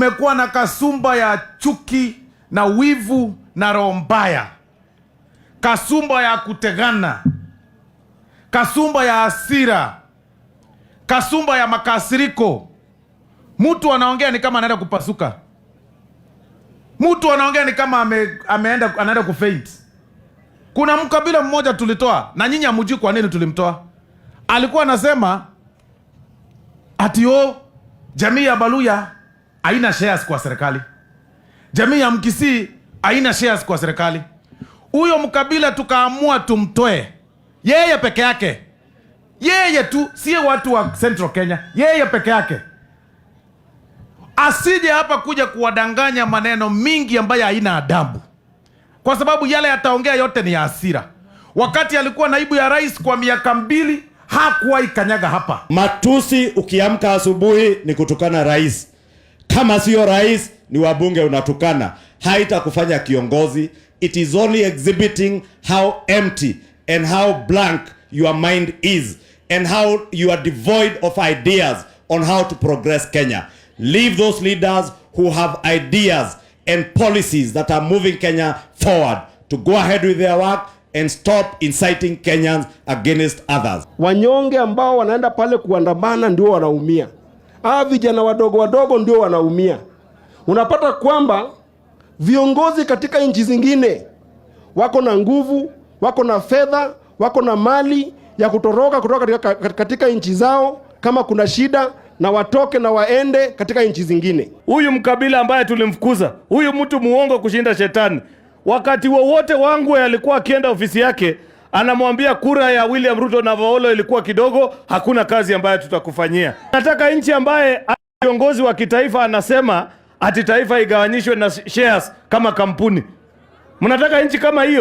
kumekuwa na kasumba ya chuki na wivu na roho mbaya, kasumba ya kutegana, kasumba ya hasira, kasumba ya makasiriko. Mtu anaongea ni kama anaenda kupasuka, mtu anaongea ni kama ame, ameenda anaenda kufaint. Kuna mkabila mmoja tulitoa, na nyinyi hamjui kwa nini tulimtoa. Alikuwa anasema ati o oh, jamii ya Baluya haina shares kwa serikali. Jamii ya Mkisii haina shares kwa serikali. Huyo Mkabila tukaamua tumtoe yeye peke yake, yeye tu, si watu wa Central Kenya, yeye peke yake, asije hapa kuja kuwadanganya maneno mingi ambayo haina adabu, kwa sababu yale yataongea yote ni ya hasira. Wakati alikuwa naibu ya rais kwa miaka mbili hakuwahi kanyaga hapa. Matusi ukiamka asubuhi ni kutukana rais. Kama sio rais ni wabunge unatukana, haita kufanya kiongozi. It is only exhibiting how empty and how blank your mind is and how you are devoid of ideas on how to progress Kenya. Leave those leaders who have ideas and policies that are moving Kenya forward to go ahead with their work and stop inciting Kenyans against others. Wanyonge ambao wanaenda pale kuandamana ndio wanaumia hawa ah, vijana wadogo wadogo ndio wanaumia. Unapata kwamba viongozi katika nchi zingine wako na nguvu, wako na fedha, wako na mali ya kutoroka kutoka katika, katika nchi zao kama kuna shida na watoke na waende katika nchi zingine. Huyu Mkabila ambaye tulimfukuza, huyu mtu muongo kushinda shetani, wakati wowote wa Wangwe alikuwa akienda ofisi yake anamwambia kura ya William Ruto na Vaolo ilikuwa kidogo, hakuna kazi ambayo tutakufanyia. Nataka nchi ambaye kiongozi wa kitaifa anasema ati taifa igawanyishwe na shares kama kampuni. Mnataka nchi kama hiyo?